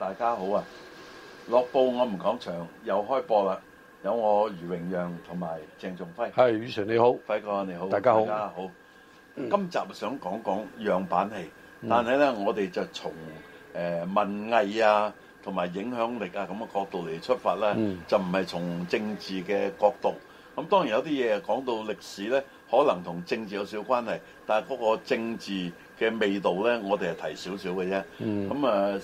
大家好啊！《樂報我唔講場》又開播啦，有我余榮讓同埋鄭仲輝。係余 Sir 你好，輝哥你好，大家好。大家好。嗯、今集想講講樣板戲，嗯、但係咧我哋就從誒、呃、文藝啊同埋影響力啊咁嘅角度嚟出發咧、嗯，就唔係從政治嘅角度。咁當然有啲嘢講到歷史咧，可能同政治有少少關係，但係嗰個政治。嘅味道咧，我哋係提少少嘅啫。嗯，咁啊，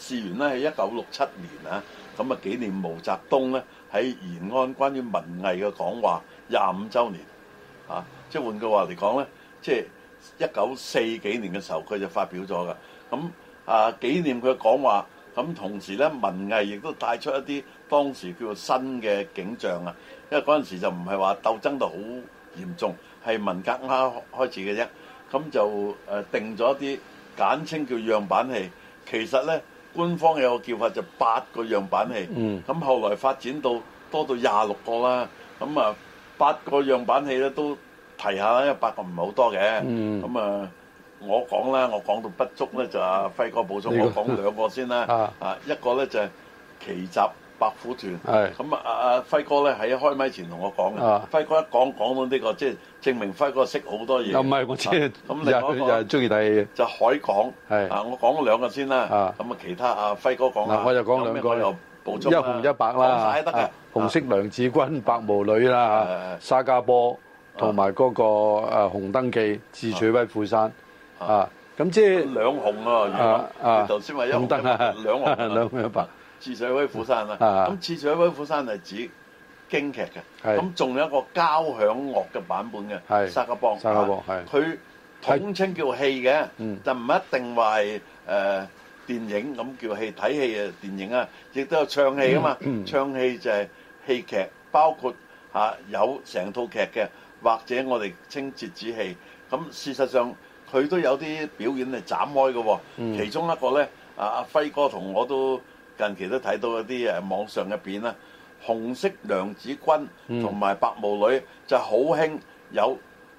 咁就誒定咗啲簡稱叫樣板戲，其實咧官方有個叫法就八個樣板戲。嗯。咁後來發展到多到廿六個啦。咁啊，八個樣板戲咧都提下啦，因為八個唔係好多嘅。嗯。咁啊，我講啦，我講到不足咧，就啊、是，輝哥補充、這個。我講兩個先啦。啊。一個咧就係奇襲。白虎團咁啊！阿輝哥咧喺開咪前同我講嘅，輝哥一講講到呢個，即、就、係、是、證明輝哥識好多嘢。又唔係我知、就是，咁、啊、你又就中意睇就海港係啊！我講咗兩個先啦，咁啊其他啊輝哥講啊，我就講兩個，一紅一白啦，啊啊、紅色娘子軍、啊、白毛女啦，啊、沙家浜同埋嗰個紅、啊、紅燈記、智取威虎山啊，咁即係兩紅啊！啊紅啊，先、啊、一啊，啊，兩紅一白。啊啊智取威虎山啦，咁智取威虎山係指京劇嘅，咁仲有一個交響樂嘅版本嘅，沙家浜。沙家浜，佢統稱叫戲嘅，就唔一定話係誒電影咁叫戲，睇戲啊，電影啊，亦都有唱戲啊嘛，唱戲就係戲劇，包括啊有成套劇嘅，或者我哋稱折子戲。咁事實上佢都有啲表演係斬開嘅，其中一個咧，阿阿輝哥同我都。近期都睇到一啲誒，網上嘅片啦，紅色娘子軍同埋白毛女就好興，有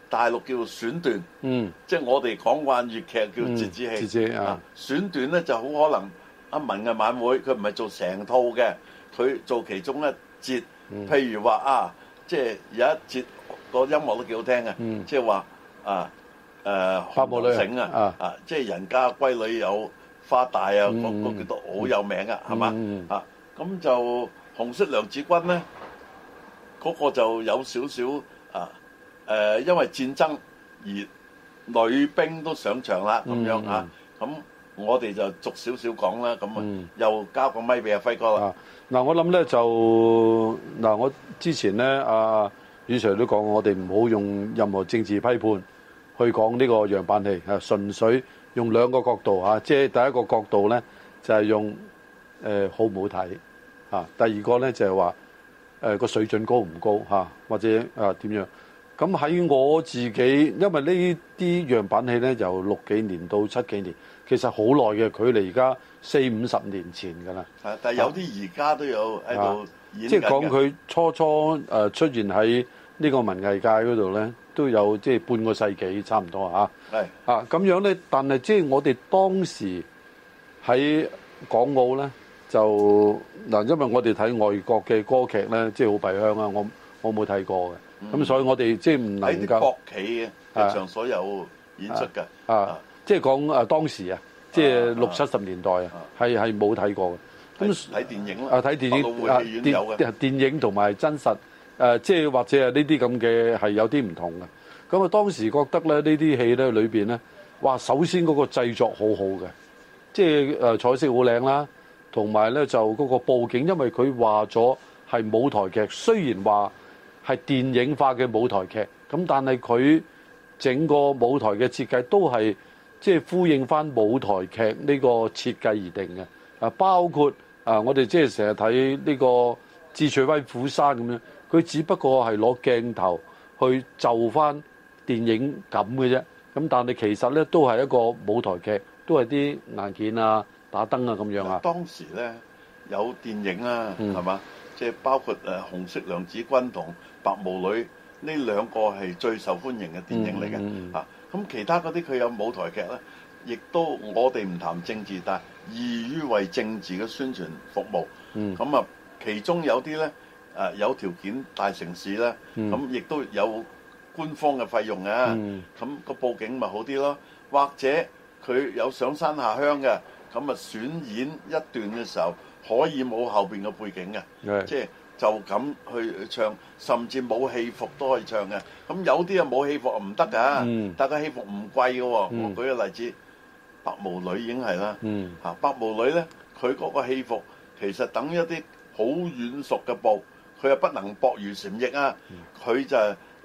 大陸叫做選段，嗯、即係我哋講慣粵劇叫折子戲，折子啊，選段咧就好可能阿文嘅晚會，佢唔係做成套嘅，佢做其中一節。嗯、譬如話啊，即係有一節個音樂都幾好聽嘅，即係話啊誒，白毛女啊啊，即係人家閨女有。花大啊，嗰個都好有名啊，係嘛啊？咁就紅色娘子軍咧，嗰個就有少少啊誒，因為戰爭而女兵都上場啦，咁樣啊？咁我哋就逐少少講啦，咁啊，又交個咪俾阿輝哥啦。嗱，我諗咧就嗱，我之前咧啊，余 sir 都講，我哋唔好用任何政治批判去講呢個樣板戲，係純粹。用兩個角度嚇、啊，即係第一個角度咧，就係、是、用好唔好睇，第二個咧就係話個水準高唔高、啊、或者誒點、啊、樣？咁喺我自己，因為呢啲樣板戲咧由六幾年到七幾年，其實好耐嘅距離，而家四五十年前㗎啦、啊。但有啲而家都有喺度演、啊、即係講佢初初、呃、出現喺。呢、這個文藝界嗰度咧都有即係半個世紀差唔多啊，咁、啊、樣咧，但係即係我哋當時喺港澳咧就嗱，因為我哋睇外國嘅歌劇咧，即係好弊香啊！我我冇睇過嘅，咁、嗯、所以我哋即係唔能夠喺國企嘅劇場所有演出嘅啊，啊，啊，啊，即係講啊當時啊，即係六七十年代啊係係冇睇過嘅，咁睇電影啦啊睇、啊、電影、啊、電電影同埋真實。誒，即係或者係呢啲咁嘅係有啲唔同嘅。咁啊，當時覺得咧，呢啲戲咧裏邊咧，哇，首先嗰個製作好好嘅，即係誒彩色好靚啦，同埋咧就嗰個佈景，因為佢話咗係舞台劇，雖然話係電影化嘅舞台劇，咁但係佢整個舞台嘅設計都係即係呼應翻舞台劇呢個設計而定嘅。啊，包括啊、這個，我哋即係成日睇呢個智取威虎山咁樣。佢只不過係攞鏡頭去就翻電影咁嘅啫，咁但係其實咧都係一個舞台劇，都係啲硬件啊、打燈啊咁樣啊。當時咧有電影啊、嗯，係嘛？即係包括誒紅色娘子軍同白毛女呢兩個係最受歡迎嘅電影嚟嘅啊、嗯。咁其他嗰啲佢有舞台劇咧，亦都我哋唔談政治，但係易於為政治嘅宣傳服務。咁啊，其中有啲咧。誒有條件大城市咧，咁亦都有官方嘅費用啊，咁個佈景咪好啲咯。或者佢有上山下鄉嘅，咁啊選演一段嘅時候可以冇後邊嘅背景嘅，即係就咁去唱，甚至冇戲服都可以唱嘅。咁有啲啊冇戲服唔得噶，但係戲服唔貴嘅喎。我舉個例子，白毛女已經係啦，嚇白毛女咧，佢嗰個戲服其實等於一啲好軟熟嘅布，佢又不能薄如蟬翼啊！佢就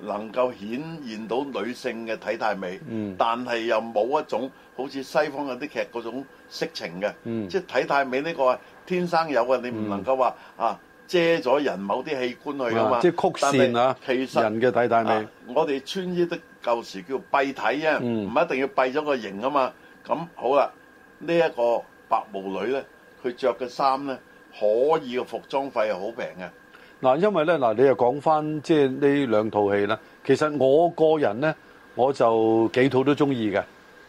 能夠顯現到女性嘅體態美，但係又冇一種好似西方嗰啲劇嗰種色情嘅，即係體態美呢個天生有嘅。你唔能夠話啊遮咗人某啲器官去㗎嘛，即係曲線啊，其實人嘅體態美。我哋穿衣都舊時叫蔽體啊，唔一定要蔽咗個型啊嘛。咁好啦，呢一個白毛女咧，佢著嘅衫咧可以嘅服裝費係好平嘅。嗱，因為咧，嗱，你又講翻即係呢兩套戲啦。其實我個人咧，我就幾套都中意嘅，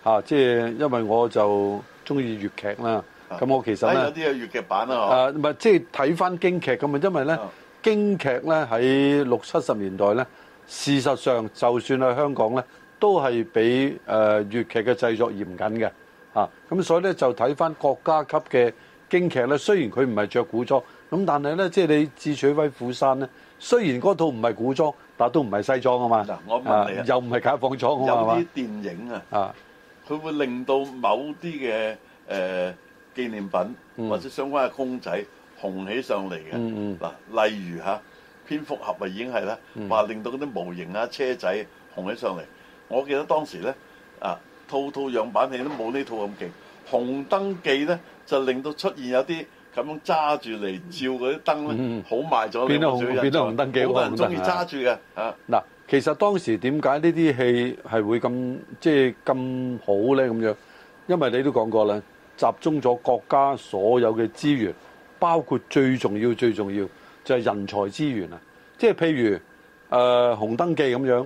嚇，即係因為我就中意粵劇啦。咁、啊、我其實咧、哎，有啲係粵劇版啊。唔係，即係睇翻京劇咁啊。因為咧、啊，京劇咧喺六七十年代咧，事實上就算係香港咧，都係比誒粵劇嘅製作嚴謹嘅，咁、啊、所以咧就睇翻國家級嘅京劇咧，雖然佢唔係着古裝。咁但係咧，即係你智取威虎山咧，雖然嗰套唔係古裝，但都唔係西裝啊嘛。嗱、啊，我問你啊，啊又唔係解放裝啊嘛？有啲電影啊，佢、啊、會令到某啲嘅誒紀念品、嗯、或者相關嘅公仔紅起上嚟嘅。嗱、嗯啊，例如吓、啊，蝙蝠俠啊，已經係啦，話、嗯、令到嗰啲模型啊、車仔紅起上嚟。我記得當時咧啊，套套樣板戲都冇呢套咁勁，《紅燈記》咧就令到出現有啲。咁樣揸住嚟照嗰啲燈咧，好賣咗。變到紅，變到紅燈記，好多人中意揸住嘅啊！嗱、啊啊，其實當時點解、就是、呢啲戲係會咁即係咁好咧？咁樣，因為你都講過啦，集中咗國家所有嘅資源，包括最重要最重要就係、是、人才資源啊！即係譬如誒、呃《紅燈記》咁樣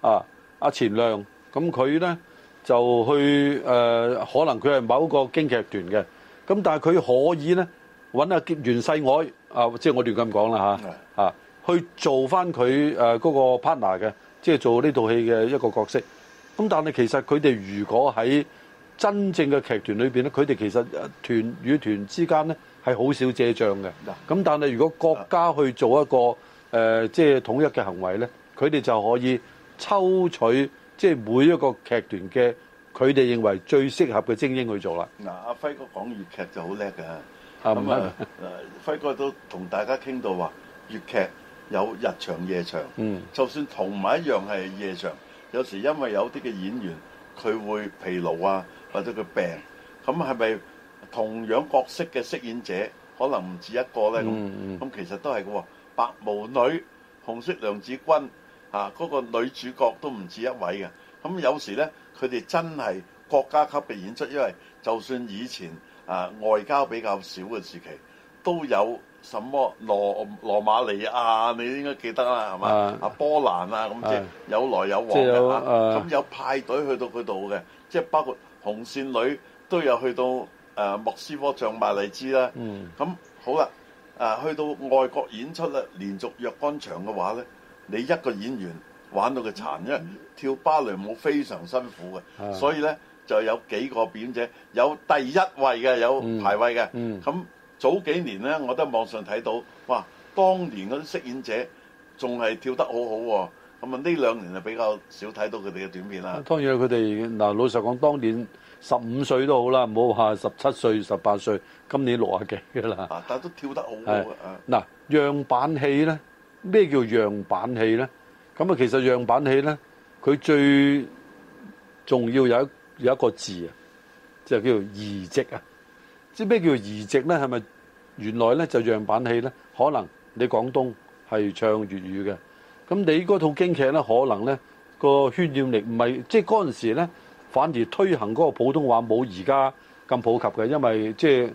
啊，阿錢亮咁佢咧就去誒、呃，可能佢係某個京劇團嘅。咁但係佢可以咧揾阿袁世海，啊即係我亂咁講啦吓，去做翻佢嗰個 partner 嘅，即係做呢套戲嘅一個角色。咁但係其實佢哋如果喺真正嘅劇團裏面，咧，佢哋其實團與團之間咧係好少借將嘅。咁但係如果國家去做一個、呃、即係統一嘅行為咧，佢哋就可以抽取即係每一個劇團嘅。佢哋認為最適合嘅精英去做啦、啊。嗱，阿輝哥講粵劇就好叻㗎。咁啊，輝哥都同大家傾到話，粵劇有日長夜長。嗯。就算同埋一樣係夜長，有時因為有啲嘅演員佢會疲勞啊，或者佢病，咁係咪同樣角色嘅飾演者可能唔止一個咧？咁咁、啊啊嗯、其實都係喎。白毛女、紅色娘子軍啊，嗰、那個女主角都唔止一位嘅。咁、啊、有時咧。佢哋真係國家級嘅演出，因為就算以前啊、呃、外交比較少嘅時期，都有什麼羅羅馬尼亞，你應該記得啦，係嘛？啊波蘭啊咁即係有來有往嘅，咁有派隊去到佢度嘅，即係包括紅線女都有去到誒、呃、莫斯科唱埋荔枝啦、嗯。咁好啦，誒去到外國演出咧，連續若干場嘅話咧，你一個演員。玩到佢殘，因為跳芭蕾舞非常辛苦嘅、啊，所以咧就有幾個表演者，有第一位嘅，有排位嘅。咁、嗯嗯、早幾年咧，我都喺網上睇到，哇！當年嗰啲飾演者仲係跳得好好喎。咁啊，呢兩年就比較少睇到佢哋嘅短片啦。當然佢哋嗱老實講，當年十五歲都好啦，唔好話十七歲、十八歲，今年六啊幾嘅啦。但都跳得好好、啊。嗱、啊、樣板戲咧，咩叫樣板戲咧？咁啊，其實樣板戲咧，佢最重要有一有一個字啊，就叫移植啊。即係咩叫移植咧？係咪原來咧就樣板戲咧？可能你廣東係唱粵語嘅，咁你嗰套京劇咧，可能咧個渲染力唔係，即係嗰陣時咧，反而推行嗰個普通話冇而家咁普及嘅，因為即係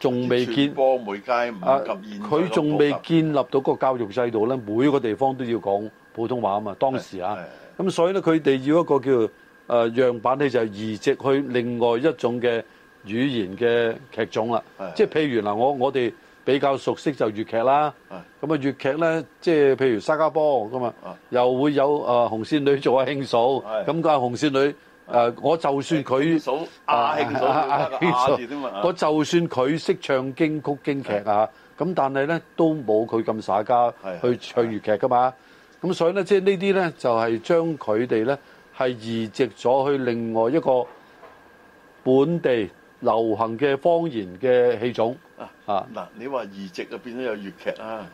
仲未見波媒體唔及現及。佢仲未建立到嗰個教育制度咧，每個地方都要講。普通話啊嘛，當時啊，咁、嗯、所以咧，佢哋要一個叫誒、呃、樣板咧，就移植去另外一種嘅語言嘅劇種啦。即係譬如嗱，我我哋比較熟悉就粵劇啦。咁啊，粵劇咧，即係譬如沙家波咁啊，又會有誒、呃、紅線女做阿、啊、慶嫂。咁個、嗯、紅線女誒、呃，我就算佢阿慶嫂、啊嫂、啊嫂、啊嫂啊，我就算佢識唱京曲京劇啊，咁但係咧都冇佢咁耍家去唱粵劇㗎嘛。咁所以咧，即係呢啲咧，就係將佢哋咧係移植咗去另外一個本地流行嘅方言嘅戲種啊！嗱，你話移植啊，變咗有粵劇啊，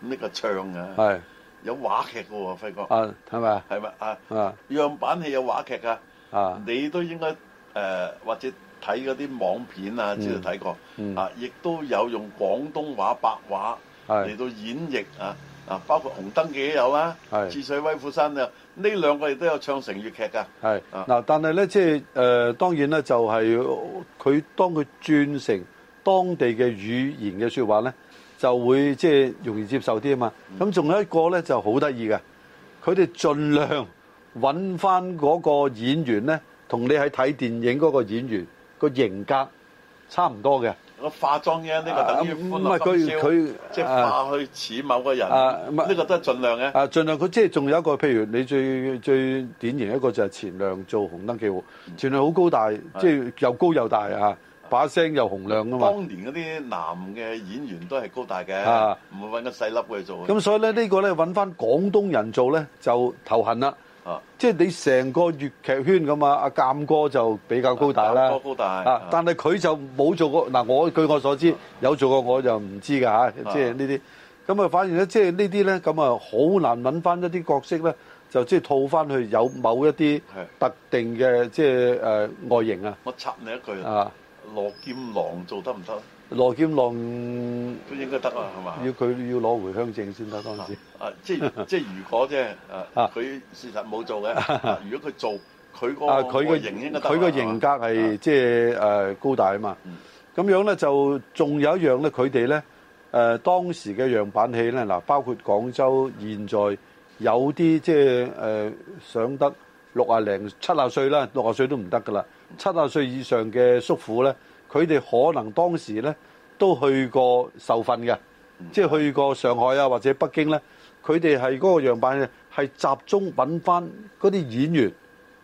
呢個唱啊，係有話劇喎、啊。輝哥啊，係咪？係咪？啊啊！樣板戲有話劇啊，啊你都應該誒、呃、或者睇嗰啲網片啊之類睇過、嗯嗯、啊，亦都有用廣東話白話嚟到演繹啊。嗱，包括紅燈記都有啦、啊，智取威虎山啊，呢兩個亦都有唱成粵劇噶。係，嗱、啊，但係咧，即係誒，當然咧，就係、是、佢當佢轉成當地嘅語言嘅説話咧，就會即係、就是、容易接受啲啊嘛。咁仲有一個咧，就好得意嘅，佢哋盡量揾翻嗰個演員咧，同你喺睇電影嗰個演員、那個型格差唔多嘅。我化妝嘅呢個等於歡樂今宵。唔係佢，佢即係化去似某個人。啊，呢個都係盡量嘅。啊，盡量佢即係仲有一個，譬如你最最典型一個就係前亮做紅燈記喎。前亮好高大，即係又高又大啊，把聲又洪亮噶嘛。當年嗰啲男嘅演員都係高大嘅，唔會搵個細粒去做。咁所以咧，呢個咧搵翻廣東人做咧就頭痕啦。啊、即係你成個粵劇圈咁啊，阿鑑哥就比較高大啦，高大啊！但係佢就冇做過嗱、啊，我據我所知、啊、有做過，我就唔知㗎嚇。即係呢啲咁啊，反而咧，即係呢啲咧，咁啊，好、就是就是、難揾翻一啲角色咧，就即係套翻去有某一啲特定嘅即係誒外形啊。我插你一句啊，羅劍郎做得唔得？羅劍龍都應該得啊，係嘛？要佢要攞回鄉證先得，當時。啊，啊即係即係如果即係啊，佢、啊、事實冇做嘅、啊啊。如果佢做，佢、那個佢、啊那個型應該得，佢個型格係即係誒高大啊嘛。咁、嗯、樣咧就仲有一樣咧，佢哋咧誒當時嘅樣板戲咧，嗱，包括廣州現在有啲即係誒想得六啊零七啊歲啦，六啊歲都唔得噶啦，七啊歲以上嘅叔父咧。佢哋可能當時咧都去過受訓嘅，即係去過上海啊或者北京咧，佢哋係嗰個樣板咧係集中揾翻嗰啲演員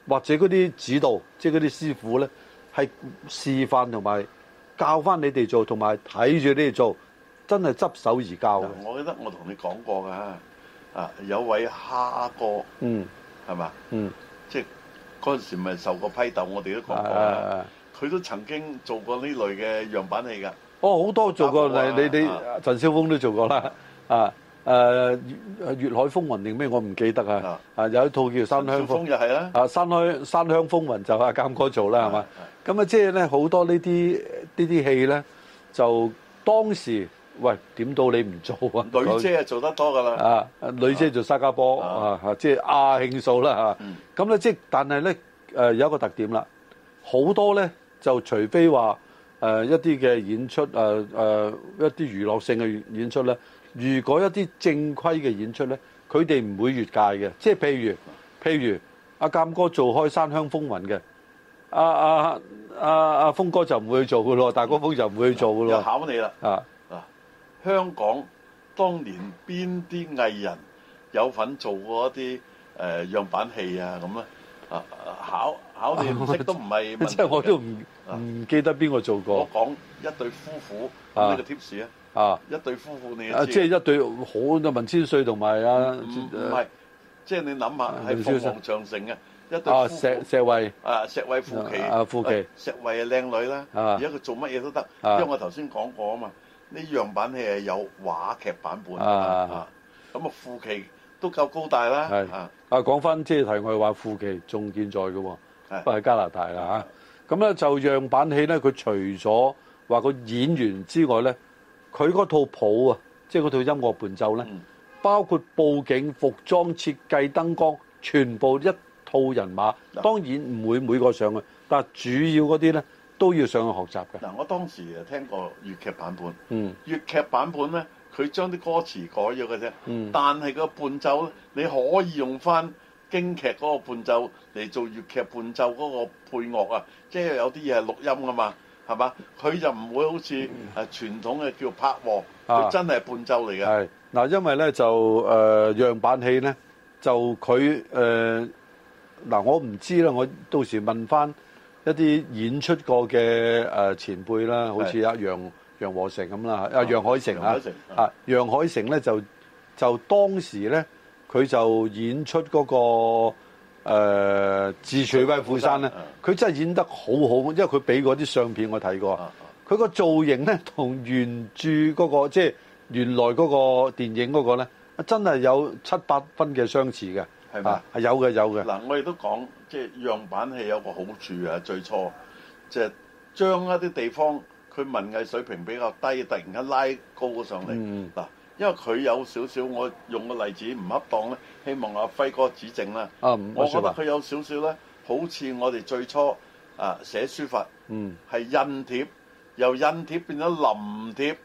或者嗰啲指導，即係嗰啲師傅咧係示範同埋教翻你哋做，同埋睇住你哋做，真係執手而教嘅。我記得我同你講過嘅，啊有位蝦哥，嗯係嘛，嗯即係嗰陣時咪受過批鬥，我哋都講過啦。嗯嗯 佢都曾經做過呢類嘅樣板戲㗎。哦，好多做過，你你陳少峰都做過啦。啊，誒誒，《粵海風雲》定咩？我唔記得啊。啊，有一套叫做《山鄉》。小峰又係啦。啊，《山鄉山鄉風雲》就阿監哥做啦，係嘛？咁啊，即係咧好多呢啲呢啲戲咧，就當時喂點到你唔做啊？女姐係做得多㗎啦。啊，女姐做沙家浜啊啊，即係阿慶嫂啦嚇。咁咧即係，但係咧誒有一個特點啦，好多咧。就除非話誒、呃、一啲嘅演出誒誒、呃呃、一啲娛樂性嘅演出咧，如果一啲正規嘅演出咧，佢哋唔會越界嘅。即係譬如譬如阿監哥做開《山鄉風雲》嘅，阿啊啊阿、啊、峰哥就唔會去做嘅咯，大哥峰就唔會去做嘅咯。又考你啦啊啊！香港當年邊啲藝人有份做過一啲、呃、樣板戲啊？咁咧啊考考你唔識都唔係、啊，即係我都唔。唔記得邊個做過？我講一對夫婦，呢個 tips 咧啊！一對夫婦，你啊，即係一對好多文千歲同埋啊，唔唔係，即係你諗下係鳳凰長城嘅一對夫婦啊！石石慧啊，石慧傅奇啊，傅奇石慧啊，靚女啦啊！而家佢做乜嘢都得，因為我頭先講過啊嘛，呢樣板戲係有話劇版本啊，咁啊，傅奇都夠高大啦。係啊，啊講翻即係題外話，傅奇仲健在嘅喎，不過喺加拿大啦嚇。咁咧就樣板戲咧，佢除咗話個演員之外咧，佢嗰套譜啊，即係嗰套音樂伴奏咧、嗯，包括佈景、服裝設計、燈光，全部一套人馬。當然唔會每個上去，但係主要嗰啲咧都要上去學習嘅。嗱，我當時誒聽過粵劇版本、嗯，粵劇版本咧，佢將啲歌詞改咗嘅啫，但係個伴奏呢你可以用翻。京劇嗰個伴奏嚟做粵劇伴奏嗰個配樂啊，即、就、係、是、有啲嘢係錄音㗎嘛，係嘛？佢就唔會好似誒傳統嘅叫拍和，佢、啊、真係伴奏嚟嘅。係嗱，因為咧就誒、呃、樣板戲咧，就佢誒嗱，我唔知啦，我到時問返一啲演出過嘅前輩啦，好似阿楊楊和成咁啦，阿楊海成啊，楊海成咧、啊啊、就就當時咧。佢就演出嗰、那個誒智取威虎山咧，佢真係演得好好、嗯，因為佢俾嗰啲相片我睇過，佢、嗯嗯、個造型咧同原著嗰、那個即係、就是、原來嗰個電影嗰個咧，真係有七八分嘅相似嘅，係嘛？係有嘅，有嘅。嗱、啊，我哋都講即係樣板戲有個好處啊，最初即就是將一啲地方佢文藝水平比較低，突然間拉高咗上嚟，嗱、嗯。因為佢有少少我用個例子唔恰當咧，希望阿輝哥指正啦。Um, 我覺得佢有少少咧，好似我哋最初啊寫書法，嗯，係印帖，由印帖變咗臨帖，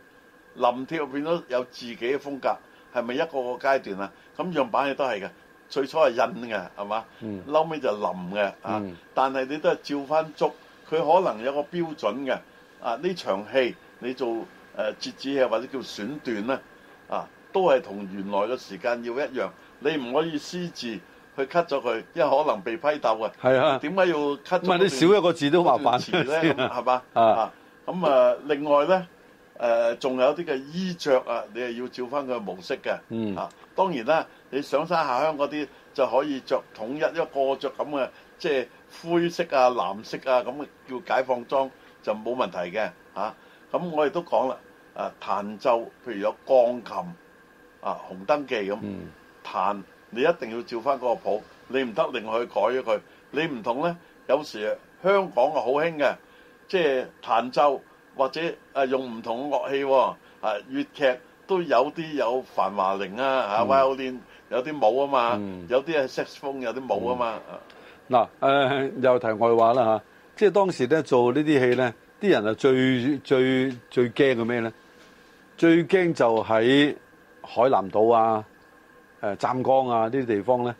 臨帖又變咗有自己嘅風格，係咪一個個階段啊？咁樣，樣板嘢都係嘅，最初係印嘅，係嘛？嗯，後尾就係臨嘅啊，嗯、但係你都係照翻足，佢可能有個標準嘅啊。呢場戲你做誒、呃、折子戲，或者叫選段咧。啊啊，都係同原來嘅時間要一樣，你唔可以私自去 cut 咗佢，因為可能被批鬥嘅。係啊，點解要 cut？唔係你少一個字都麻煩嘅，係嘛？啊，咁啊，另外咧，誒仲有啲嘅衣著啊，你係要照翻佢模式嘅。嗯，啊，當然啦，你上山下鄉嗰啲就可以著統一一個著咁嘅即係灰色啊、藍色啊咁嘅叫解放裝，就冇問題嘅。嚇，咁我亦都講啦。誒、啊、彈奏，譬如有鋼琴，啊紅燈記咁、嗯、彈，你一定要照翻嗰個譜，你唔得另外去改咗佢。你唔同咧，有時香港啊好興嘅，即係彈奏或者用唔同樂器喎、哦，誒、啊、粵劇都有啲有梵啞鈴、嗯、啊，violin、嗯、有啲冇啊嘛，有啲係 saxophone 有啲冇啊嘛。嗱、呃、誒又提外話啦、啊、即係當時咧做呢啲戲咧，啲人啊最最最驚嘅咩咧？最驚就喺海南島啊、誒、呃、湛江啊呢啲地方咧，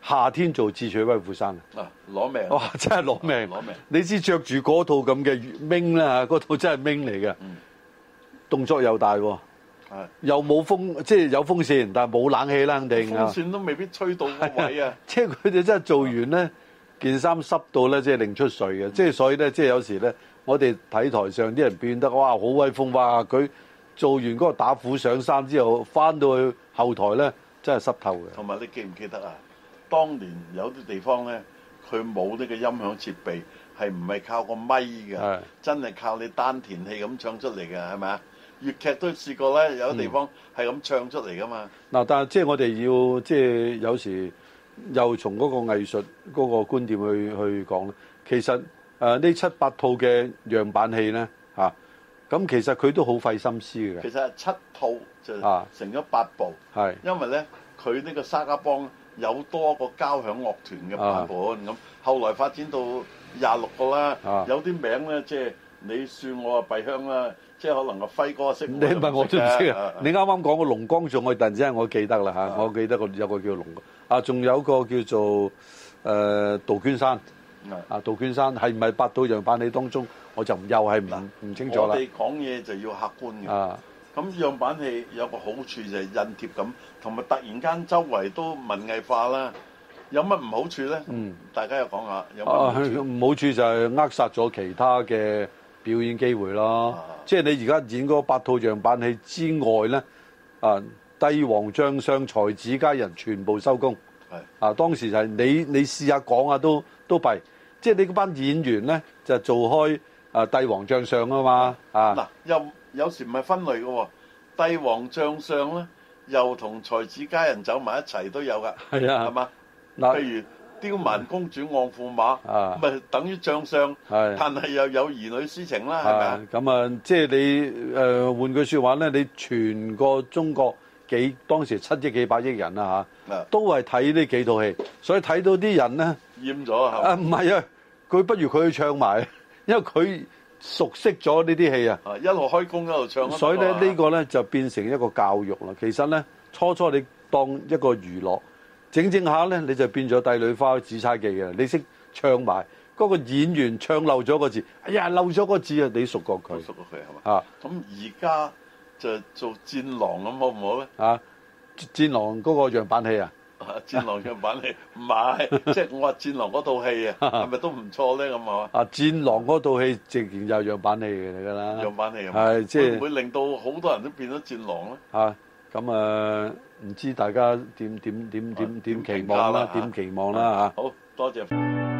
夏天做智取威虎山啊！攞命！哇！真係攞命！攞、啊、命！你知着住嗰套咁嘅 wing 啦，嗰套，套真係 wing 嚟嘅，動作又大、啊，又冇風，即係有風扇，但係冇冷氣啦，定、啊、風扇都未必吹到個位啊！即係佢哋真係做完咧，件衫濕到咧，即係擰出水嘅、嗯，即係所以咧，即係有時咧，我哋睇台上啲人變得哇好威風，哇佢～做完嗰個打虎上山之後，翻到去後台咧，真係濕透嘅。同埋你記唔記得啊？當年有啲地方咧，佢冇呢個音響設備，係唔係靠個咪嘅？係真係靠你丹田氣咁唱出嚟嘅，係咪啊？粵劇都試過咧，有啲地方係咁唱出嚟噶嘛。嗱、嗯嗯，但係即係我哋要即係有時又從嗰個藝術嗰個觀點去去講咧。其實誒呢、呃、七八套嘅樣板戲咧。咁其實佢都好費心思嘅。其實七套就成咗八部，係因為咧，佢呢個沙家浜有多個交響樂團嘅版本咁，後來發展到廿六個啦，有啲名咧，即係你算我啊，幣香啦，即係可能阿輝哥識。你問我都唔識啊！你啱啱講個龍江仲，我突然之間我記得啦嚇，我記得個有個叫龍，啊，仲有個叫做誒杜鵑山。啊！杜鵑山係唔係八套樣板戲當中，我就唔又係唔唔清楚啦。我哋講嘢就要客觀嘅。啊，咁樣板戲有個好處就係印貼咁，同埋突然間周圍都文藝化啦。有乜唔好處咧？嗯，大家又講下有乜唔好處。唔、啊、好處就係扼殺咗其他嘅表演機會啦、啊。即係你而家演嗰八套樣板戲之外咧，啊，帝王將相、才子佳人，全部收工。係啊，啊，當時就係你你試下講啊都。都弊，即係你嗰班演員咧，就做開啊帝王將相啊嘛，啊！嗱，又有時唔係分類嘅喎、哦，帝王將相咧又同才子佳人走埋一齊都有㗎，係啊，係嘛？譬、啊、如刁、啊、蠻公主旺駙馬啊，咪等於將相，係啊、但係又有兒女私情啦，係咪？咁啊，即係你誒、呃、換句説話咧，你全個中國。幾當時七億幾百億人啦嚇、啊，都係睇呢幾套戲，所以睇到啲人咧厭咗啊，唔係啊，佢不如佢去唱埋，因為佢熟悉咗呢啲戲啊，一路開工一路唱，所以咧呢、啊呢個咧就變成一個教育啦。其實咧初初你當一個娛樂，整整下咧你就變咗《帝女花》《紫釵記》嘅，你識唱埋嗰、嗰個演員唱漏咗個字，哎呀漏咗個字啊，你熟過佢，熟過佢係嘛啊？咁而家。就做戰狼咁好唔好咧？嚇，戰狼嗰個樣板戲啊？嚇，戰狼樣板戲唔係，即係我話戰狼嗰套戲啊，係咪都唔錯咧？咁啊，啊戰狼嗰套戲直情就係樣板戲嚟㗎啦。樣板戲係即係會唔會令到好多人都變咗戰狼囉？嚇，咁啊，唔知大家點點點點點期望啦，點期望啦嚇？好多謝。